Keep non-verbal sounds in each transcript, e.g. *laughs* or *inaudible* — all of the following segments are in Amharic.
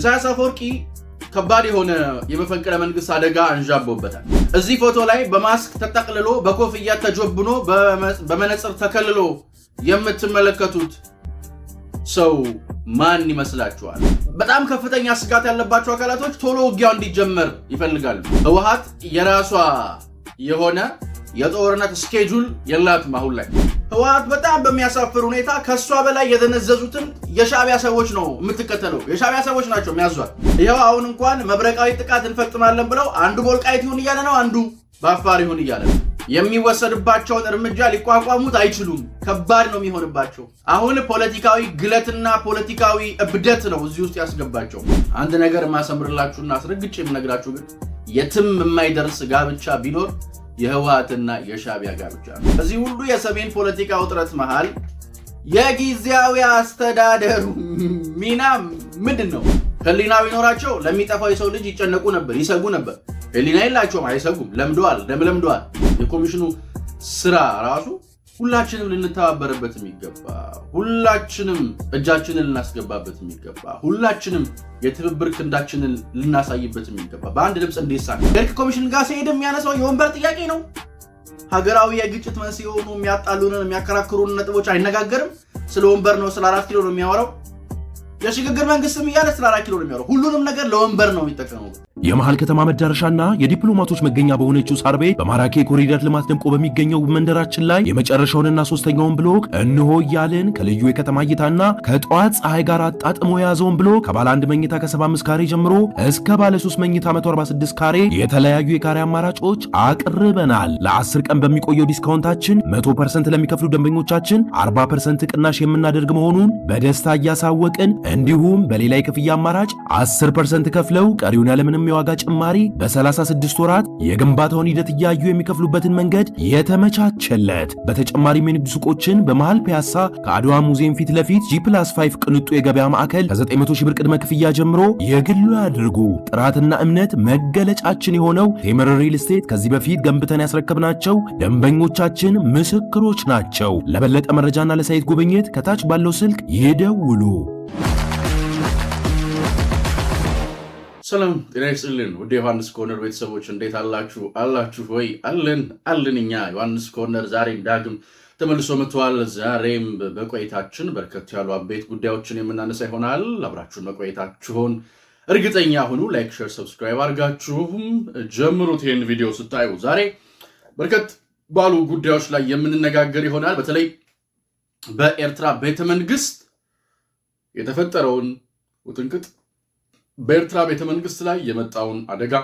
ኢሳያስ አፈወርቂ ከባድ የሆነ የመፈንቅለ መንግስት አደጋ አንዣቦበታል። እዚህ ፎቶ ላይ በማስክ ተጠቅልሎ በኮፍያ ተጆብኖ በመነጽር ተከልሎ የምትመለከቱት ሰው ማን ይመስላችኋል? በጣም ከፍተኛ ስጋት ያለባቸው አካላቶች ቶሎ ውጊያው እንዲጀመር ይፈልጋሉ። ህወሓት የራሷ የሆነ የጦርነት ስኬጁል የላትም አሁን ላይ ህወሓት በጣም በሚያሳፍር ሁኔታ ከእሷ በላይ የደነዘዙትን የሻቢያ ሰዎች ነው የምትከተለው። የሻቢያ ሰዎች ናቸው የሚያዟል። ይኸው አሁን እንኳን መብረቃዊ ጥቃት እንፈጽማለን ብለው አንዱ በወልቃይት ይሁን እያለ ነው፣ አንዱ በአፋር ይሁን እያለ ነው። የሚወሰድባቸውን እርምጃ ሊቋቋሙት አይችሉም። ከባድ ነው የሚሆንባቸው። አሁን ፖለቲካዊ ግለትና ፖለቲካዊ እብደት ነው እዚህ ውስጥ ያስገባቸው። አንድ ነገር የማሰምርላችሁና አስረግጬ የምነግራችሁ ግን የትም የማይደርስ ጋብቻ ቢኖር የህወሓትና የሻቢያ ጋብቻ ነው። እዚህ ሁሉ የሰሜን ፖለቲካ ውጥረት መሃል የጊዜያዊ አስተዳደሩ ሚና ምንድን ነው? ህሊና ቢኖራቸው ለሚጠፋው የሰው ልጅ ይጨነቁ ነበር፣ ይሰጉ ነበር። ህሊና የላቸውም፣ አይሰጉም። ለምደዋል፣ ደም ለምደዋል። የኮሚሽኑ ስራ ራሱ ሁላችንም ልንተባበርበት የሚገባ ሁላችንም እጃችንን ልናስገባበት የሚገባ ሁላችንም የትብብር ክንዳችንን ልናሳይበት የሚገባ በአንድ ድምፅ እንዲሳ ከእርቅ ኮሚሽን ጋር ሲሄድ የሚያነሳው የወንበር ጥያቄ ነው። ሀገራዊ የግጭት መንስኤ የሆኑ የሚያጣሉንን የሚያከራክሩን ነጥቦች አይነጋገርም። ስለ ወንበር ነው፣ ስለ አራት ኪሎ ነው የሚያወራው። የሽግግር መንግስትም እያለ ስለ አራት ኪሎ ነው የሚያወራው። ሁሉንም ነገር ለወንበር ነው የሚጠቀመው። የመሃል ከተማ መዳረሻና የዲፕሎማቶች መገኛ በሆነችው ሳር ቤት በማራኪ የኮሪደር ልማት ደምቆ በሚገኘው መንደራችን ላይ የመጨረሻውንና ሶስተኛውን ብሎክ እንሆ እያልን ከልዩ የከተማ እይታና ከጠዋት ፀሐይ ጋር አጣጥሞ የያዘውን ብሎክ ከባለ አንድ መኝታ ከ75 ካሬ ጀምሮ እስከ ባለ 3 መኝታ 146 ካሬ የተለያዩ የካሬ አማራጮች አቅርበናል። ለ10 ቀን በሚቆየው ዲስካውንታችን 100% ለሚከፍሉ ደንበኞቻችን 40% ቅናሽ የምናደርግ መሆኑን በደስታ እያሳወቅን እንዲሁም በሌላ የክፍያ አማራጭ 10% ከፍለው ቀሪውን ያለምንም በሚገርም ዋጋ ጭማሪ በ36 ወራት የግንባታውን ሂደት እያዩ የሚከፍሉበትን መንገድ የተመቻቸለት። በተጨማሪም የንግድ ሱቆችን በመሃል ፒያሳ ከአድዋ ሙዚየም ፊት ለፊት 5 ቅንጡ የገበያ ማዕከል ከ900 ሺህ ብር ቅድመ ክፍያ ጀምሮ የግሉ ያድርጉ። ጥራትና እምነት መገለጫችን የሆነው ቴምር ሪል ስቴት ከዚህ በፊት ገንብተን ያስረከብናቸው ደንበኞቻችን ምስክሮች ናቸው። ለበለጠ መረጃና ለሳይት ጉብኝት ከታች ባለው ስልክ ይደውሉ። ሰላም ጤና ይስጥልን ውድ ዮሐንስ ኮርነር ቤተሰቦች እንዴት አላችሁ? አላችሁ ወይ? አለን አለን። እኛ ዮሐንስ ኮርነር ዛሬም ዳግም ተመልሶ መጥቷል። ዛሬም በቆይታችን በርከት ያሉ አበይት ጉዳዮችን የምናነሳ ይሆናል። አብራችሁን መቆየታችሁን እርግጠኛ ሁኑ። ላይክ፣ ሼር፣ ሰብስክራይብ አድርጋችሁም ጀምሩት። ይህን ቪዲዮ ስታዩ ዛሬ በርከት ባሉ ጉዳዮች ላይ የምንነጋገር ይሆናል። በተለይ በኤርትራ ቤተመንግስት የተፈጠረውን ውጥንቅጥ በኤርትራ ቤተመንግስት ላይ የመጣውን አደጋ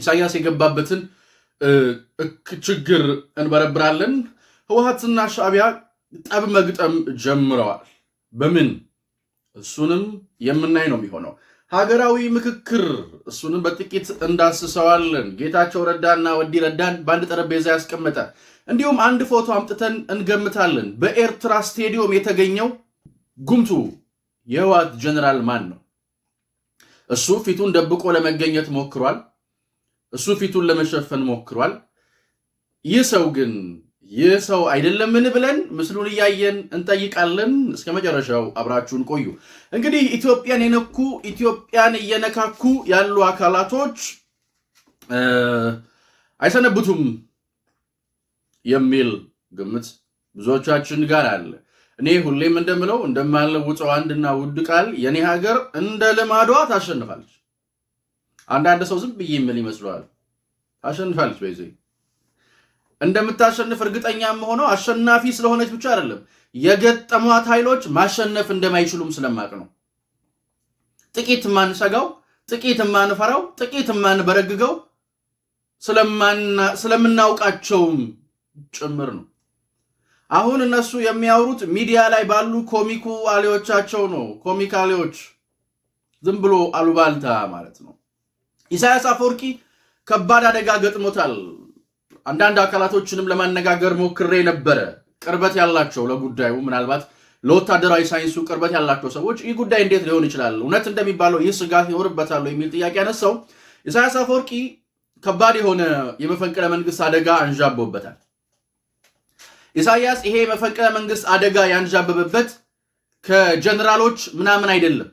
ኢሳያስ የገባበትን ችግር እንበረብራለን። ህወሓትና ሻዕቢያ ጠብ መግጠም ጀምረዋል። በምን እሱንም የምናይ ነው የሚሆነው። ሀገራዊ ምክክር እሱንም በጥቂት እንዳስሰዋለን። ጌታቸው ረዳና ወዲ ረዳን በአንድ ጠረጴዛ ያስቀመጠ እንዲሁም አንድ ፎቶ አምጥተን እንገምታለን። በኤርትራ ስቴዲዮም የተገኘው ጉምቱ የህወሓት ጀነራል ማን ነው? እሱ ፊቱን ደብቆ ለመገኘት ሞክሯል። እሱ ፊቱን ለመሸፈን ሞክሯል። ይህ ሰው ግን ይህ ሰው አይደለምን ብለን ምስሉን እያየን እንጠይቃለን። እስከ መጨረሻው አብራችሁን ቆዩ። እንግዲህ ኢትዮጵያን የነኩ ኢትዮጵያን እየነካኩ ያሉ አካላቶች አይሰነብቱም የሚል ግምት ብዙዎቻችን ጋር አለ። እኔ ሁሌም እንደምለው እንደማልለውጠው አንድና ውድ ቃል የኔ ሀገር እንደ ልማዷ ታሸንፋለች። አንዳንድ ሰው ዝም ብዬ የምል ይመስለዋል። ታሸንፋለች። በይዘ እንደምታሸንፍ እርግጠኛም ሆነው አሸናፊ ስለሆነች ብቻ አይደለም የገጠሟት ኃይሎች ማሸነፍ እንደማይችሉም ስለማቅ ነው። ጥቂት የማንሰጋው፣ ጥቂት የማንፈራው፣ ጥቂት የማንበረግገው ስለምናውቃቸውም ጭምር ነው። አሁን እነሱ የሚያወሩት ሚዲያ ላይ ባሉ ኮሚኩ አሌዎቻቸው ነው። ኮሚክ አሌዎች ዝም ብሎ አሉባልታ ማለት ነው። ኢሳያስ አፈወርቂ ከባድ አደጋ ገጥሞታል። አንዳንድ አካላቶችንም ለማነጋገር ሞክሬ ነበረ። ቅርበት ያላቸው ለጉዳዩ ምናልባት ለወታደራዊ ሳይንሱ ቅርበት ያላቸው ሰዎች ይህ ጉዳይ እንዴት ሊሆን ይችላል፣ እውነት እንደሚባለው ይህ ስጋት ይኖርበታል የሚል ጥያቄ ያነሳው ኢሳያስ አፈወርቂ ከባድ የሆነ የመፈንቅለ መንግስት አደጋ አንዣቦበታል። ኢሳያስ ይሄ መፈንቅለ መንግስት አደጋ ያንዣበበበት ከጀነራሎች ምናምን አይደለም፣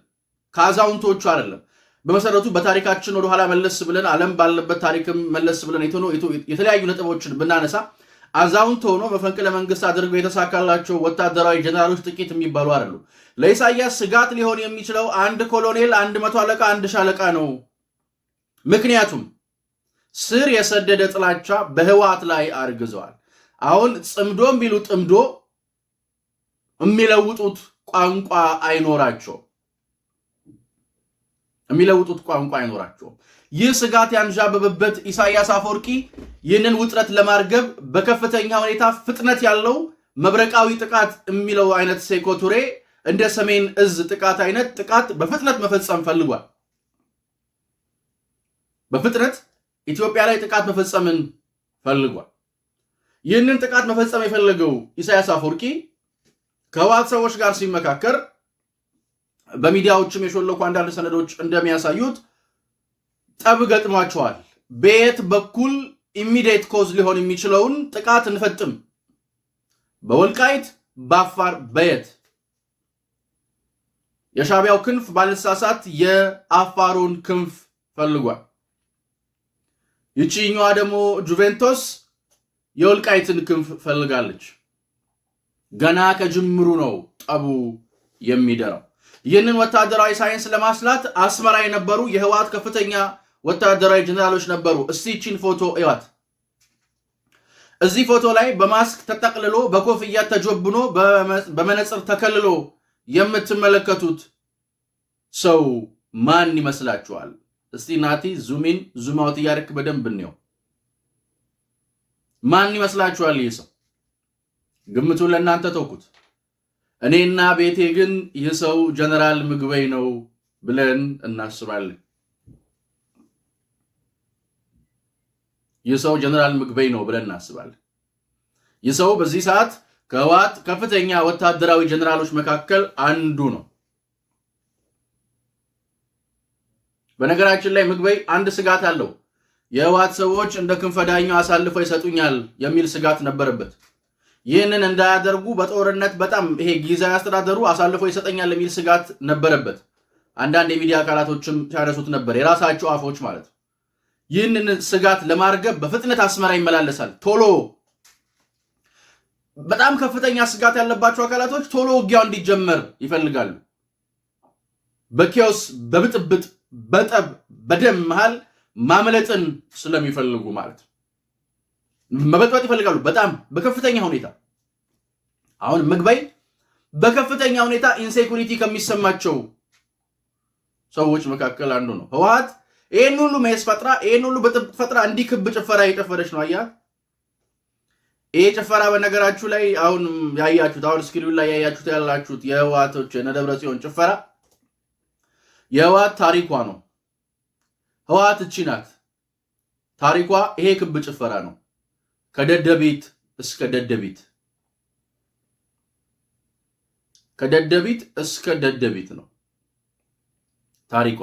ከአዛውንቶቹ አይደለም። በመሰረቱ በታሪካችን ወደኋላ መለስ ብለን ዓለም ባለበት ታሪክም መለስ ብለን የተለያዩ ነጥቦችን ብናነሳ አዛውንት ሆኖ መፈንቅለ መንግስት አድርገው የተሳካላቸው ወታደራዊ ጀነራሎች ጥቂት የሚባሉ አይደሉ። ለኢሳያስ ስጋት ሊሆን የሚችለው አንድ ኮሎኔል፣ አንድ መቶ አለቃ፣ አንድ ሻለቃ ነው። ምክንያቱም ስር የሰደደ ጥላቻ በህወሓት ላይ አርግዘዋል። አሁን ጽምዶ የሚሉ ጥምዶ የሚለውጡት ቋንቋ አይኖራቸው የሚለውጡት ቋንቋ አይኖራቸውም። ይህ ስጋት ያንዣበበበት ኢሳያስ አፈወርቂ ይህንን ውጥረት ለማርገብ በከፍተኛ ሁኔታ ፍጥነት ያለው መብረቃዊ ጥቃት የሚለው አይነት ሴኮቱሬ እንደ ሰሜን እዝ ጥቃት አይነት ጥቃት በፍጥነት መፈጸም ፈልጓል። በፍጥነት ኢትዮጵያ ላይ ጥቃት መፈጸምን ፈልጓል። ይህንን ጥቃት መፈጸም የፈለገው ኢሳያስ አፈወርቂ ከህወሓት ሰዎች ጋር ሲመካከር በሚዲያዎችም የሾለኩ አንዳንድ ሰነዶች እንደሚያሳዩት ጠብ ገጥሟቸዋል። በየት በኩል ኢሚዲየት ኮዝ ሊሆን የሚችለውን ጥቃት እንፈጥም፣ በወልቃይት በአፋር በየት የሻቢያው ክንፍ ባልሳሳት የአፋሩን ክንፍ ፈልጓል። ይቺኛዋ ደግሞ ጁቬንቶስ የወልቃይትን ክንፍ ፈልጋለች። ገና ከጅምሩ ነው ጠቡ የሚደራው። ይህንን ወታደራዊ ሳይንስ ለማስላት አስመራ የነበሩ የህወሓት ከፍተኛ ወታደራዊ ጀኔራሎች ነበሩ። እስቲ ፎቶ እዩዋት። እዚህ ፎቶ ላይ በማስክ ተጠቅልሎ በኮፍያ ተጆብኖ በመነጽር ተከልሎ የምትመለከቱት ሰው ማን ይመስላችኋል? እስቲ ናቲ ዙሚን ዙማውት እያደረክ በደንብ እንየው። ማን ይመስላችኋል? ይህ ሰው ግምቱን ለእናንተ ተውኩት። እኔና ቤቴ ግን ይህ ሰው ጀነራል ምግበይ ነው ብለን እናስባለን። ይህ ሰው ጀነራል ምግበይ ነው ብለን እናስባለን። ይህ ሰው በዚህ ሰዓት ከህወሓት ከፍተኛ ወታደራዊ ጀነራሎች መካከል አንዱ ነው። በነገራችን ላይ ምግበይ አንድ ስጋት አለው። የህወሓት ሰዎች እንደ ክንፈ አሳልፈው ይሰጡኛል የሚል ስጋት ነበረበት። ይህንን እንዳያደርጉ በጦርነት በጣም ይሄ ጊዜያዊ አስተዳደሩ አሳልፈው ይሰጠኛል የሚል ስጋት ነበረበት። አንዳንድ የሚዲያ አካላቶችም ሲያነሱት ነበር፣ የራሳቸው አፎች ማለት ይህንን ስጋት ለማርገብ በፍጥነት አስመራ ይመላለሳል። ቶሎ በጣም ከፍተኛ ስጋት ያለባቸው አካላቶች ቶሎ ውጊያው እንዲጀመር ይፈልጋሉ። በኬዎስ በብጥብጥ በጠብ በደም መሃል ማምለጥን ስለሚፈልጉ ማለት መበጥበጥ ይፈልጋሉ በጣም በከፍተኛ ሁኔታ። አሁን ምግባይ በከፍተኛ ሁኔታ ኢንሴኩሪቲ ከሚሰማቸው ሰዎች መካከል አንዱ ነው። ህወሓት ይህን ሁሉ መስ ፈጥራ ይህን ሁሉ በጥብቅ ፈጥራ እንዲህ ክብ ጭፈራ የጨፈረች ነው። አያ ይሄ ጭፈራ በነገራችሁ ላይ አሁን ያያችሁት አሁን ስክሪን ላይ ያያችሁት ያላችሁት የህወሓቶች የነደብረ ጽዮን ጭፈራ የህወሓት ታሪኳ ነው። ህወሓት እቺ ናት። ታሪኳ ይሄ ክብ ጭፈራ ነው። ከደደቢት እስከ ደደቢት ከደደቢት እስከ ደደቢት ነው ታሪኳ።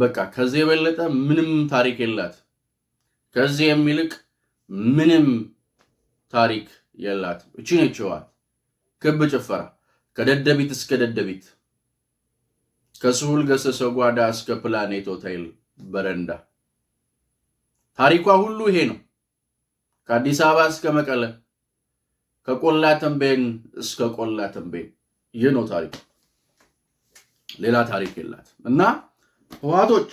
በቃ ከዚህ የበለጠ ምንም ታሪክ የላት። ከዚህ የሚልቅ ምንም ታሪክ የላት። እቺ ነች ህወሓት ክብ ጭፈራ ከደደቢት እስከ ደደቢት። ከስሁል ገሰሰ ጓዳ እስከ ፕላኔት ሆቴል በረንዳ ታሪኳ ሁሉ ይሄ ነው። ከአዲስ አበባ እስከ መቀለ፣ ከቆላ ተንቤን እስከ ቆላ ተንቤን ይህ ነው ታሪክ። ሌላ ታሪክ የላት እና ህዋቶች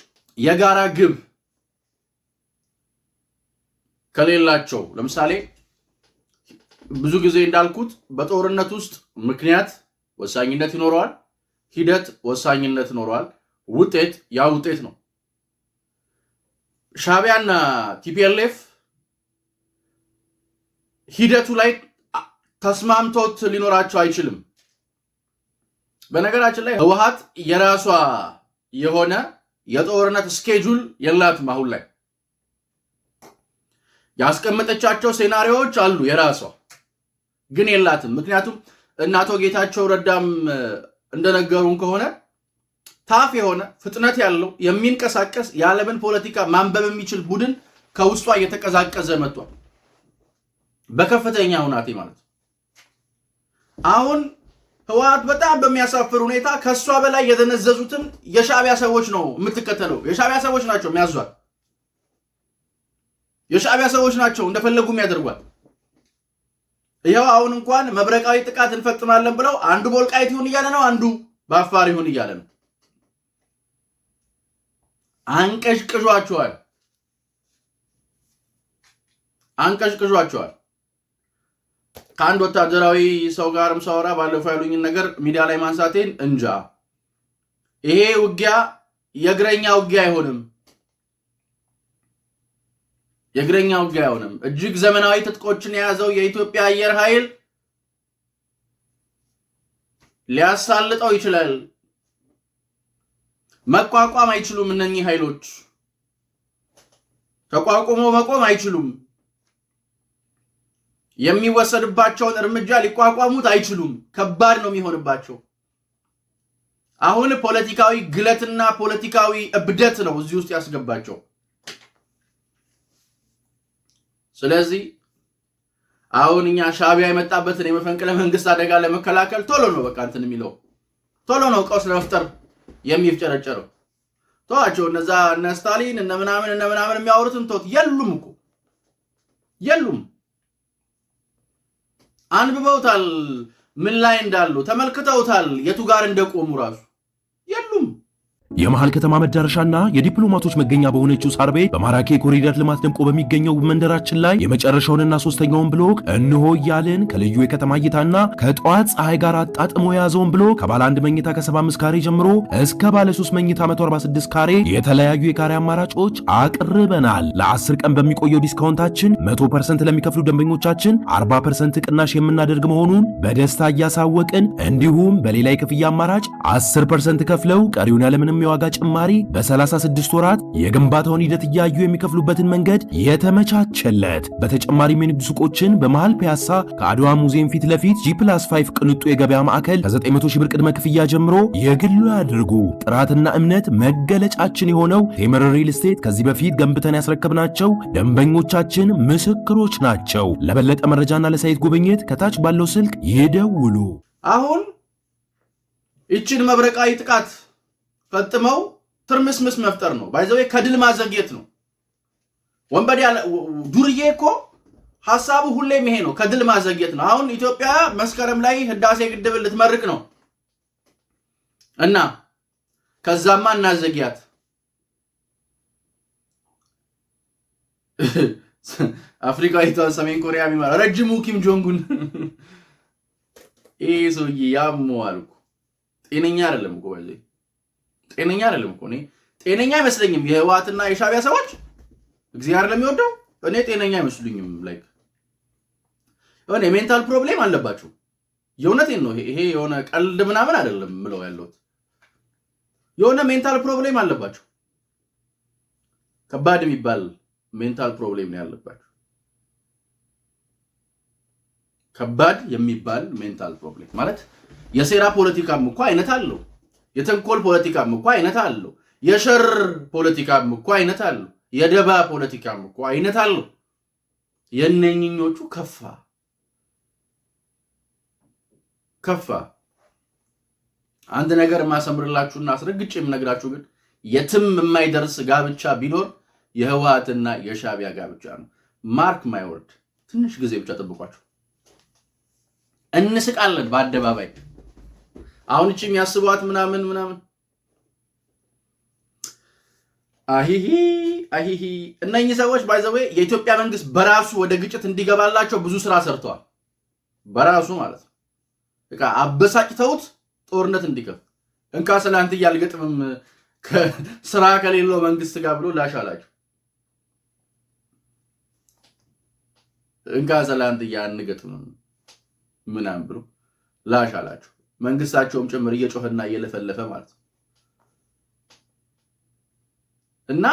የጋራ ግብ ከሌላቸው ለምሳሌ ብዙ ጊዜ እንዳልኩት በጦርነት ውስጥ ምክንያት ወሳኝነት ይኖረዋል። ሂደት ወሳኝነት ኖረዋል። ውጤት ያ ውጤት ነው። ሻቢያና ቲፒኤልኤፍ ሂደቱ ላይ ተስማምቶት ሊኖራቸው አይችልም። በነገራችን ላይ ህወሓት የራሷ የሆነ የጦርነት ስኬጁል የላትም። አሁን ላይ ያስቀመጠቻቸው ሴናሪዎች አሉ፣ የራሷ ግን የላትም። ምክንያቱም እነ አቶ ጌታቸው ረዳም እንደነገሩን ከሆነ ታፍ የሆነ ፍጥነት ያለው የሚንቀሳቀስ የዓለምን ፖለቲካ ማንበብ የሚችል ቡድን ከውስጧ እየተቀዛቀዘ መጥቷል። በከፍተኛ ሁናቴ ማለት አሁን ህወሓት በጣም በሚያሳፍር ሁኔታ ከእሷ በላይ የደነዘዙትን የሻዕቢያ ሰዎች ነው የምትከተለው። የሻዕቢያ ሰዎች ናቸው የሚያዟት። የሻዕቢያ ሰዎች ናቸው እንደፈለጉ የሚያደርጓት። ይኸው አሁን እንኳን መብረቃዊ ጥቃት እንፈጽማለን ብለው አንዱ በወልቃይት ይሁን እያለ ነው፣ አንዱ በአፋር ይሁን እያለ ነው። አንቀዥቅዟቸዋል፣ አንቀዥቅዟቸዋል። ከአንድ ወታደራዊ ሰው ጋርም ሳወራ ባለፈው ያሉኝን ነገር ሚዲያ ላይ ማንሳቴን እንጃ። ይሄ ውጊያ የእግረኛ ውጊያ አይሆንም። የእግረኛ ውጊያ አይሆንም። እጅግ ዘመናዊ ትጥቆችን የያዘው የኢትዮጵያ አየር ኃይል ሊያሳልጠው ይችላል። መቋቋም አይችሉም። እነኚህ ኃይሎች ተቋቁሞ መቆም አይችሉም። የሚወሰድባቸውን እርምጃ ሊቋቋሙት አይችሉም። ከባድ ነው የሚሆንባቸው። አሁን ፖለቲካዊ ግለትና ፖለቲካዊ እብደት ነው እዚህ ውስጥ ያስገባቸው። ስለዚህ አሁን እኛ ሻቢያ የመጣበትን የመፈንቅለ መንግስት አደጋ ለመከላከል ቶሎ ነው በቃ እንትን የሚለው ቶሎ ነው ቀውስ ለመፍጠር የሚፍጨረጨረው። ተዋቸው እነዛ እነ ስታሊን እነ ምናምን እነ ምናምን የሚያወሩትን ተውት። የሉም እኮ የሉም። አንብበውታል፣ ምን ላይ እንዳሉ ተመልክተውታል፣ የቱ ጋር እንደቆሙ ራሱ የመሃል ከተማ መዳረሻና የዲፕሎማቶች መገኛ በሆነችው ሳር ቤት በማራኪ የኮሪደር ልማት ደምቆ በሚገኘው መንደራችን ላይ የመጨረሻውንና ሶስተኛውን ብሎክ እንሆ እያልን ከልዩ የከተማ እይታና ከጠዋት ፀሐይ ጋር አጣጥሞ የያዘውን ብሎክ ከባለ አንድ መኝታ ከ75 ካሬ ጀምሮ እስከ ባለ 3 መኝታ 146 ካሬ የተለያዩ የካሬ አማራጮች አቅርበናል። ለ10 ቀን በሚቆየው ዲስካውንታችን 100% ለሚከፍሉ ደንበኞቻችን 40% ቅናሽ የምናደርግ መሆኑን በደስታ እያሳወቅን እንዲሁም በሌላ የክፍያ አማራጭ 10% ከፍለው ቀሪውን ያለምንም ያለውንም ዋጋ ጭማሪ በ36 ወራት የግንባታውን ሂደት እያዩ የሚከፍሉበትን መንገድ የተመቻቸለት። በተጨማሪም የንግድ ሱቆችን በመሃል ፒያሳ ከአድዋ ሙዚየም ፊት ለፊት 5 ቅንጡ የገበያ ማዕከል ከ900 ሺህ ብር ቅድመ ክፍያ ጀምሮ የግሉ ያድርጉ። ጥራትና እምነት መገለጫችን የሆነው ቴምር ሪል ስቴት ከዚህ በፊት ገንብተን ያስረከብናቸው ደንበኞቻችን ምስክሮች ናቸው። ለበለጠ መረጃና ለሳይት ጉብኝት ከታች ባለው ስልክ ይደውሉ። አሁን ይችን መብረቃዊ ጥቃት ፈጥመው ትርምስምስ መፍጠር ነው። ባይዘው ከድል ማዘግየት ነው። ወንበዴ ያለ ዱርዬ እኮ ሀሳቡ ሁሌም ይሄ ነው፣ ከድል ማዘግየት ነው። አሁን ኢትዮጵያ መስከረም ላይ ህዳሴ ግድብ ልትመርቅ ነው እና ከዛማ እናዘግያት *laughs* አፍሪካዊቷን ሰሜን ኮሪያ የሚመራ ረጅሙ ኪም ጆንጉን *laughs* ይህ ሰውዬ ያመዋል እኮ ጤነኛ አይደለም እኮ ጤነኛ አይደለም እኮ እኔ ጤነኛ አይመስለኝም። የህወሓትና የሻቢያ ሰዎች እግዚአብሔር ለሚወደው እኔ ጤነኛ አይመስሉኝም። ላይክ የሆነ የሜንታል ፕሮብሌም አለባቸው። የእውነቴን ነው። ይሄ የሆነ ቀልድ ምናምን አይደለም ምለው ያለሁት የሆነ ሜንታል ፕሮብሌም አለባቸው። ከባድ የሚባል ሜንታል ፕሮብሌም ነው ያለባችሁ። ከባድ የሚባል ሜንታል ፕሮብሌም ማለት የሴራ ፖለቲካም እኮ አይነት አለው የተንኮል ፖለቲካም እኮ አይነት አለው። የሸር ፖለቲካም እኮ አይነት አለው። የደባ ፖለቲካም እኮ አይነት አለው። የነኝኞቹ ከፋ ከፋ። አንድ ነገር የማሰምርላችሁና አስረግጬ የምነግራችሁ ግን የትም የማይደርስ ጋብቻ ቢኖር የህወሓትና የሻቢያ ጋብቻ ነው። ማርክ ማይወርድ ትንሽ ጊዜ ብቻ ጠብቋቸው። እንስቃለን በአደባባይ አሁን እቺ የሚያስቧት ምናምን ምናምን አሂሂ አሂሂ። እነኚህ ሰዎች ባይዘዌ የኢትዮጵያ መንግስት በራሱ ወደ ግጭት እንዲገባላቸው ብዙ ስራ ሰርተዋል። በራሱ ማለት ነው። በቃ አበሳጭተውት ጦርነት እንዲከፍት እንካ ስላንት እያልገጥምም ስራ ከሌለው መንግስት ጋር ብሎ ላሽ እንካ ስላንት እያንገጥምም ምናምን ብሎ ላሽ መንግስታቸውም ጭምር እየጮህና እየለፈለፈ ማለት ነው እና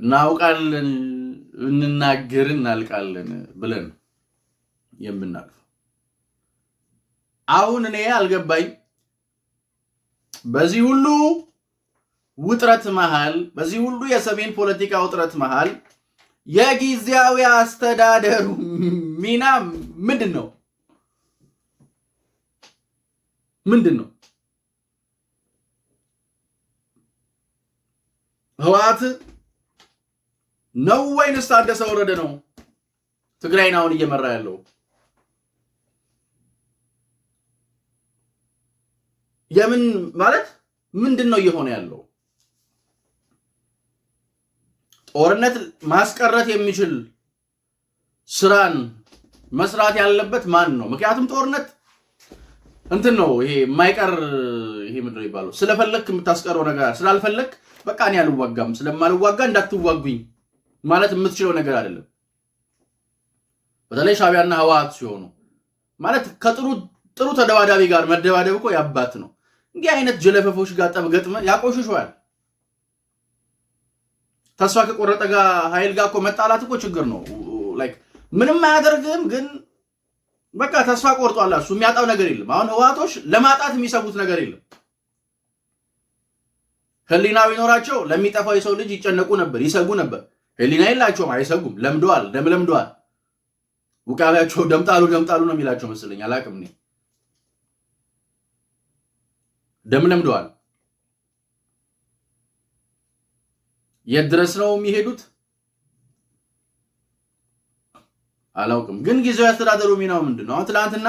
እናውቃለን እንናገር እናልቃለን ብለን የምናልፈው አሁን እኔ አልገባኝ በዚህ ሁሉ ውጥረት መሃል በዚህ ሁሉ የሰሜን ፖለቲካ ውጥረት መሃል የጊዜያዊ አስተዳደሩ ሚና ምንድን ነው? ምንድን ነው ህወሓት ነው ወይንስ ታደሰ ወረደ ነው ትግራይን አሁን እየመራ ያለው? የምን ማለት ምንድን ነው እየሆነ ያለው? ጦርነት ማስቀረት የሚችል ስራን መስራት ያለበት ማን ነው? ምክንያቱም ጦርነት እንትን ነው ይሄ የማይቀር ይሄ ምንድን ነው ስለፈለክ የምታስቀረው ነገር ስላልፈለክ በቃ እኔ አልዋጋም ስለማልዋጋ እንዳትዋጉኝ ማለት የምትችለው ነገር አይደለም። በተለይ ሻቢያና ህወሓት ሲሆኑ ማለት ከጥሩ ጥሩ ተደባዳቢ ጋር መደባደብ እኮ ያባት ነው። እንዲህ አይነት ጀለፈፎች ጋር ጠብ ገጥመህ ያቆሽሸዋል። ተስፋ ከቆረጠ ጋር ኃይል ጋር እኮ መጣላት እኮ ችግር ነው። ላይክ ምንም አያደርግም ግን በቃ ተስፋ ቆርጧል። እሱ የሚያጣው ነገር የለም። አሁን ህወሓቶች ለማጣት የሚሰጉት ነገር የለም። ህሊና ቢኖራቸው ለሚጠፋው የሰው ልጅ ይጨነቁ ነበር፣ ይሰጉ ነበር። ህሊና የላቸውም፣ አይሰጉም። ለምደዋል፣ ደም ለምደዋል። ውቃቢያቸው ደምጣሉ ደምጣሉ ነው የሚላቸው መስለኝ፣ አላቅም እኔ ደም ለምደዋል። የት ድረስ ነው የሚሄዱት? አላውቅም። ግን ጊዜያዊ አስተዳደሩ ሚናው ምንድን ነው? አሁን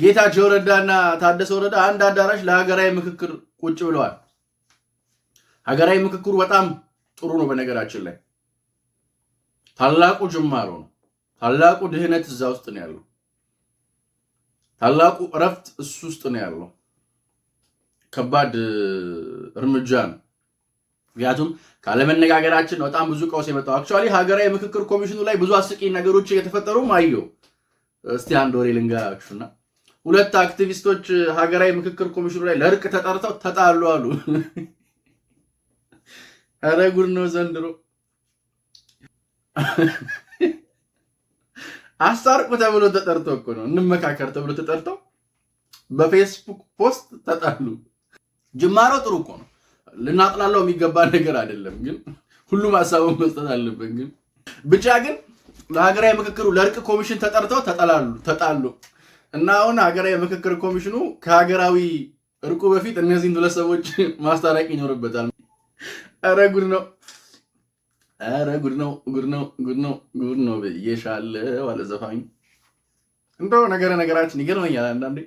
ጌታቸው ረዳና ታደሰ ወረዳ አንድ አዳራሽ ለሀገራዊ ምክክር ቁጭ ብለዋል። ሀገራዊ ምክክሩ በጣም ጥሩ ነው። በነገራችን ላይ ታላቁ ጅማሮ ነው። ታላቁ ድህነት እዛ ውስጥ ነው ያለው። ታላቁ እረፍት እሱ ውስጥ ነው ያለው። ከባድ እርምጃ ነው። ምክንያቱም ካለመነጋገራችን በጣም ብዙ ቀውስ የመጣው አክቹዋሊ ሀገራዊ ምክክር ኮሚሽኑ ላይ ብዙ አስቂኝ ነገሮች እየተፈጠሩም አየሁ። እስቲ አንድ ወሬ ልንገራችሁና ሁለት አክቲቪስቶች ሀገራዊ ምክክር ኮሚሽኑ ላይ ለእርቅ ተጠርተው ተጣሉ አሉ። ኧረ ጉድ ነው ዘንድሮ። አስታርቁ ተብሎ ተጠርቶ እኮ ነው እንመካከር ተብሎ ተጠርተው በፌስቡክ ፖስት ተጣሉ። ጅማሮ ጥሩ እኮ ነው። ልናጥላላው የሚገባ ነገር አይደለም። ግን ሁሉም ሀሳቡን መስጠት አለበት። ግን ብቻ ግን ለሀገራዊ ምክክሩ ለእርቅ ኮሚሽን ተጠርተው ተጠላሉ ተጣሉ እና አሁን ሀገራዊ ምክክር ኮሚሽኑ ከሀገራዊ እርቁ በፊት እነዚህን ሁለት ሰዎች *laughs* ማስታረቅ ይኖርበታል። ኧረ ጉድ ነው! ኧረ ጉድ ነው! ጉድ ነው! ጉድ ነው! ጉድ ነው ብዬሻለ ዋለ ዘፋኝ። እንደው ነገረ ነገራችን ይገርመኛል አንዳንዴ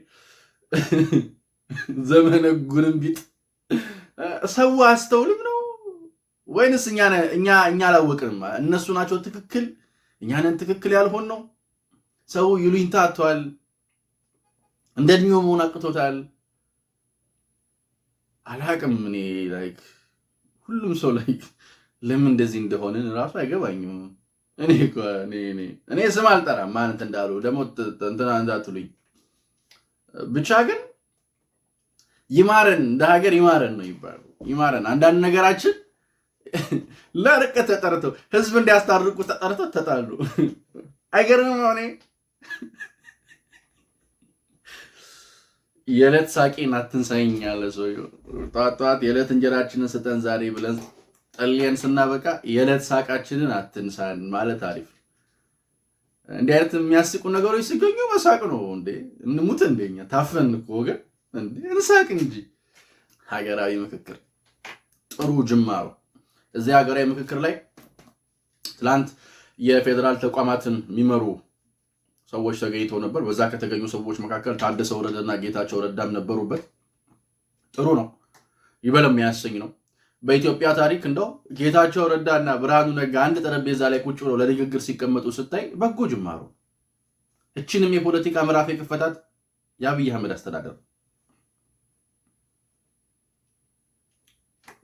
*laughs* ዘመነ ጉርምቢጥ ሰው አስተውልም ነው ወይንስ እኛ አላወቅንም? እነሱ ናቸው ትክክል፣ እኛንን ትክክል ያልሆን ነው። ሰው ይሉኝታ አጥቷል። እንደ እድሜው መሆን አቅቶታል። አላቅም እኔ ላይክ ሁሉም ሰው ላይክ ለምን እንደዚህ እንደሆንን እራሱ አይገባኝም። እኔ እኔ ስም አልጠራም ማለት እንዳሉ ደግሞ እንትና እንዳትሉኝ ብቻ ግን ይማረን እንደ ሀገር ይማረን ነው ይባሉ። ይማረን አንዳንድ ነገራችን ለርቀት ተጠርተው ህዝብ እንዲያስታርቁ ተጠርተው ተጣሉ። አይገርምም? ሆኔ የዕለት ሳቄን አትንሳይኝ ያለ ሰው ጠዋት ጠዋት የዕለት እንጀራችንን ስጠን ዛሬ ብለን ጠልየን ስናበቃ የዕለት ሳቃችንን አትንሳን ማለት አሪፍ። እንዲህ አይነት የሚያስቁ ነገሮች ሲገኙ መሳቅ ነው እንዴ! እንሙት እንደኛ ታፈን እኮ ወገን እንሳቅ እንጂ ሀገራዊ ምክክር ጥሩ ጅማሮ። እዚህ ሀገራዊ ምክክር ላይ ትላንት የፌዴራል ተቋማትን የሚመሩ ሰዎች ተገኝተው ነበር። በዛ ከተገኙ ሰዎች መካከል ታደሰ ወረደና ጌታቸው ረዳም ነበሩበት። ጥሩ ነው፣ ይበለም የሚያሰኝ ነው። በኢትዮጵያ ታሪክ እንደው ጌታቸው ረዳና ብርሃኑ ነጋ አንድ ጠረጴዛ ላይ ቁጭ ብለው ለንግግር ሲቀመጡ ስታይ በጎ ጅማሮ። እችንም የፖለቲካ ምዕራፍ የከፈታት የአብይ አህመድ አስተዳደር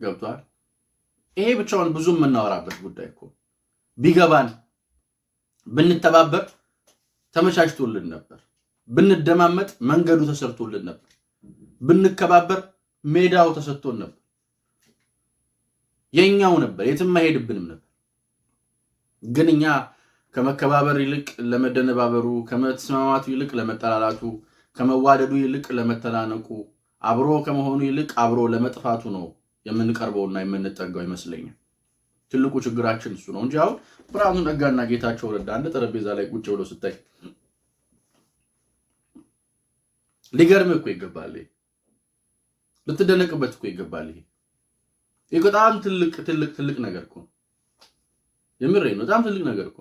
ገብቷል። ይሄ ብቻውን ብዙ የምናወራበት ጉዳይ እኮ ቢገባን ብንተባበር ተመቻችቶልን ነበር። ብንደማመጥ መንገዱ ተሰርቶልን ነበር። ብንከባበር ሜዳው ተሰጥቶን ነበር። የኛው ነበር፣ የትም አይሄድብንም ነበር። ግን እኛ ከመከባበር ይልቅ ለመደነባበሩ፣ ከመስማማቱ ይልቅ ለመጠላላቱ፣ ከመዋደዱ ይልቅ ለመተናነቁ፣ አብሮ ከመሆኑ ይልቅ አብሮ ለመጥፋቱ ነው የምንቀርበውና የምንጠጋው ይመስለኛል። ትልቁ ችግራችን እሱ ነው እንጂ አሁን ብርሃኑ ነጋና ጌታቸው ረዳ አንድ ጠረጴዛ ላይ ቁጭ ብሎ ስታይ ሊገርም እኮ ይገባል። ልትደነቅበት እኮ ይገባል። ይሄ በጣም ትልቅ ትልቅ ትልቅ ነገር እኮ ነው። የምሬ ነው። በጣም ትልቅ ነገር እኮ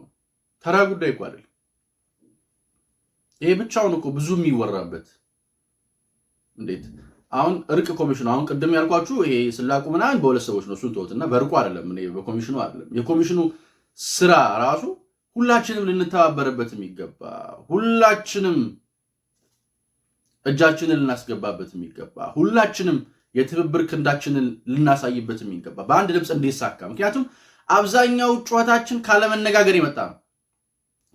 ተራ ጉዳይ እኮ አይደል። ይሄ ብቻውን እኮ ብዙ የሚወራበት እንዴት አሁን እርቅ ኮሚሽኑ አሁን ቅድም ያልኳችሁ ይሄ ስላቁ ምናምን በሁለት ሰዎች ነው። እሱን እና በእርቁ አይደለም በኮሚሽኑ አይደለም። የኮሚሽኑ ስራ ራሱ ሁላችንም ልንተባበርበት የሚገባ ሁላችንም እጃችንን ልናስገባበት የሚገባ ሁላችንም የትብብር ክንዳችንን ልናሳይበት የሚገባ በአንድ ድምፅ እንዲሳካ ምክንያቱም አብዛኛው ጩኸታችን ካለመነጋገር የመጣ ነው።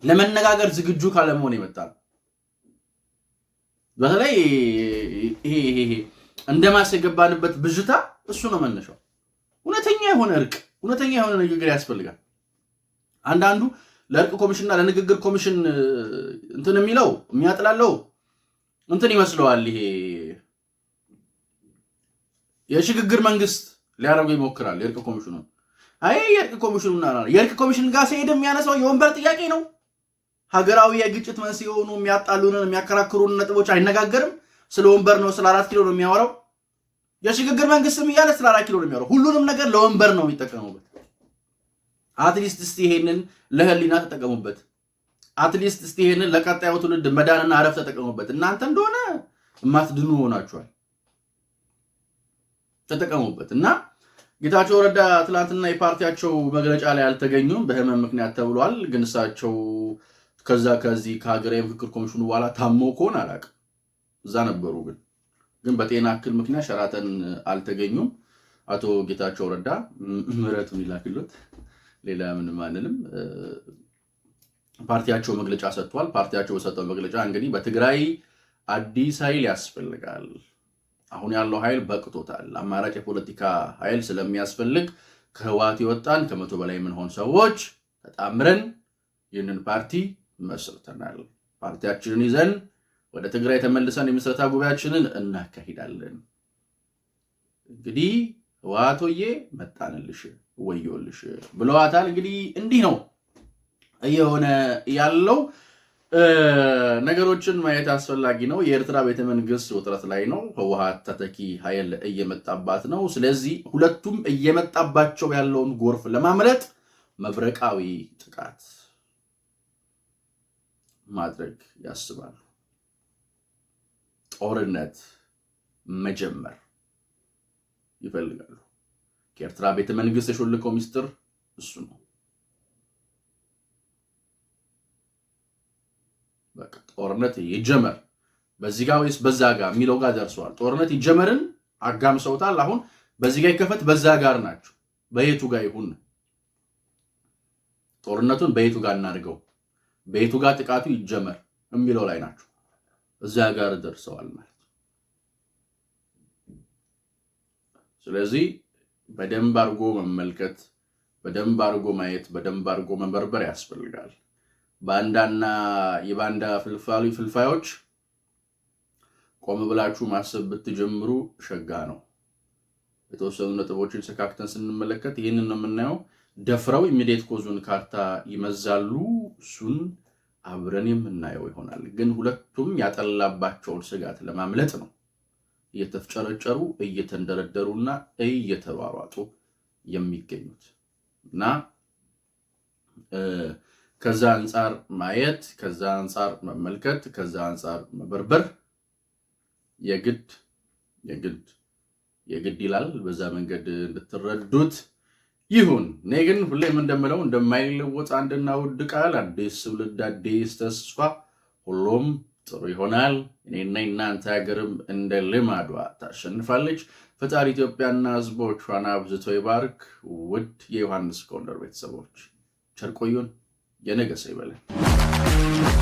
ለመነጋገር ዝግጁ ካለመሆን የመጣ ነው። በተለይ እንደማስ የገባንበት ብዥታ እሱ ነው መነሻው። እውነተኛ የሆነ እርቅ፣ እውነተኛ የሆነ ንግግር ያስፈልጋል። አንዳንዱ ለእርቅ ኮሚሽንና ለንግግር ኮሚሽን እንትን የሚለው የሚያጥላለው እንትን ይመስለዋል። ይሄ የሽግግር መንግስት ሊያደርጉ ይሞክራል። የእርቅ ኮሚሽኑ አይ የእርቅ ኮሚሽኑ የእርቅ ኮሚሽን ጋር ሲሄድ የሚያነሳው የወንበር ጥያቄ ነው። ሀገራዊ የግጭት መንስኤ የሆኑ የሚያጣሉንን የሚያከራክሩን ነጥቦች አይነጋገርም። ስለ ወንበር ነው፣ ስለ አራት ኪሎ ነው የሚያወራው። የሽግግር መንግስትም እያለ ስለ አራት ኪሎ ነው የሚያወራው። ሁሉንም ነገር ለወንበር ነው የሚጠቀሙበት። አትሊስት እስቲ ይሄንን ለህሊና ተጠቀሙበት። አትሊስት እስቲ ይሄንን ለቀጣዩ ትውልድ መዳንና አረፍ ተጠቀሙበት። እናንተ እንደሆነ እማትድኑ ሆናችኋል። ተጠቀሙበት እና ጌታቸው ረዳ ትናንትና የፓርቲያቸው መግለጫ ላይ አልተገኙም በህመም ምክንያት ተብሏል። ግን እሳቸው ከዛ ከዚህ ከሀገራዊ ምክክር ኮሚሽኑ በኋላ ታመው ከሆን አላቅም። እዛ ነበሩ ግን ግን በጤና እክል ምክንያት ሸራተን አልተገኙም። አቶ ጌታቸው ረዳ ምሕረቱን ይላክሎት። ሌላ ምንም አንልም። ፓርቲያቸው መግለጫ ሰጥቷል። ፓርቲያቸው በሰጠው መግለጫ እንግዲህ በትግራይ አዲስ ኃይል ያስፈልጋል፣ አሁን ያለው ኃይል በቅቶታል፣ አማራጭ የፖለቲካ ኃይል ስለሚያስፈልግ ከህወሓት የወጣን ከመቶ በላይ የምንሆን ሰዎች ተጣምረን ይህንን ፓርቲ መስርተናል። ፓርቲያችንን ይዘን ወደ ትግራይ ተመልሰን የምስረታ ጉባኤያችንን እናካሂዳለን። እንግዲህ ህወሓቶዬ መጣንልሽ ወዮልሽ ብለዋታል። እንግዲህ እንዲህ ነው እየሆነ ያለው። ነገሮችን ማየት አስፈላጊ ነው። የኤርትራ ቤተመንግስት ውጥረት ላይ ነው። ህወሓት ተተኪ ኃይል እየመጣባት ነው። ስለዚህ ሁለቱም እየመጣባቸው ያለውን ጎርፍ ለማምለጥ መብረቃዊ ጥቃት ማድረግ ያስባሉ። ጦርነት መጀመር ይፈልጋሉ። ከኤርትራ ቤተ መንግስት የሾለከው ሚስጥር እሱ ነው። በቃ ጦርነት ይጀመር በዚህ ጋ ወይስ በዛ ጋ የሚለው ጋር ደርሰዋል። ጦርነት ይጀመርን አጋምሰውታል። አሁን በዚህ ጋ ይከፈት በዛ ጋር ናቸው። በየቱ ጋር ይሁን ጦርነቱን በየቱ ጋር እናድርገው? ቤቱ ጋር ጥቃቱ ይጀመር የሚለው ላይ ናቸው። እዚያ ጋር ደርሰዋል ማለት ስለዚህ በደንብ አድርጎ መመልከት፣ በደንብ አርጎ ማየት፣ በደንብ አድርጎ መበርበር ያስፈልጋል። ባንዳና የባንዳ ፍልፋሊ ፍልፋዮች ቆም ብላችሁ ማሰብ ብትጀምሩ ሸጋ ነው። የተወሰኑ ነጥቦችን ሰካክተን ስንመለከት ይህንን ነው የምናየው። ደፍረው ኢሚዲየት ኮዙን ካርታ ይመዛሉ። እሱን አብረን የምናየው ይሆናል። ግን ሁለቱም ያጠላባቸውን ስጋት ለማምለጥ ነው እየተፍጨረጨሩ እየተንደረደሩና እየተሯሯጡ የሚገኙት እና ከዛ አንጻር ማየት፣ ከዛ አንጻር መመልከት፣ ከዛ አንጻር መበርበር የግድ የግድ የግድ ይላል። በዛ መንገድ እንድትረዱት ይሁን። እኔ ግን ሁሌም እንደምለው እንደማይለወጥ አንድና ውድ ቃል፣ አዲስ ትውልድ፣ አዲስ ተስፋ፣ ሁሉም ጥሩ ይሆናል። እኔና እናንተ ሀገርም እንደ ልማዷ ታሸንፋለች። ፈጣሪ ኢትዮጵያና ህዝቦቿን አብዝቶ ይባርክ። ውድ የዮሐንስ ኮርነር ቤተሰቦች ቸር ቆዩን። የነገ ሰው ይበለን።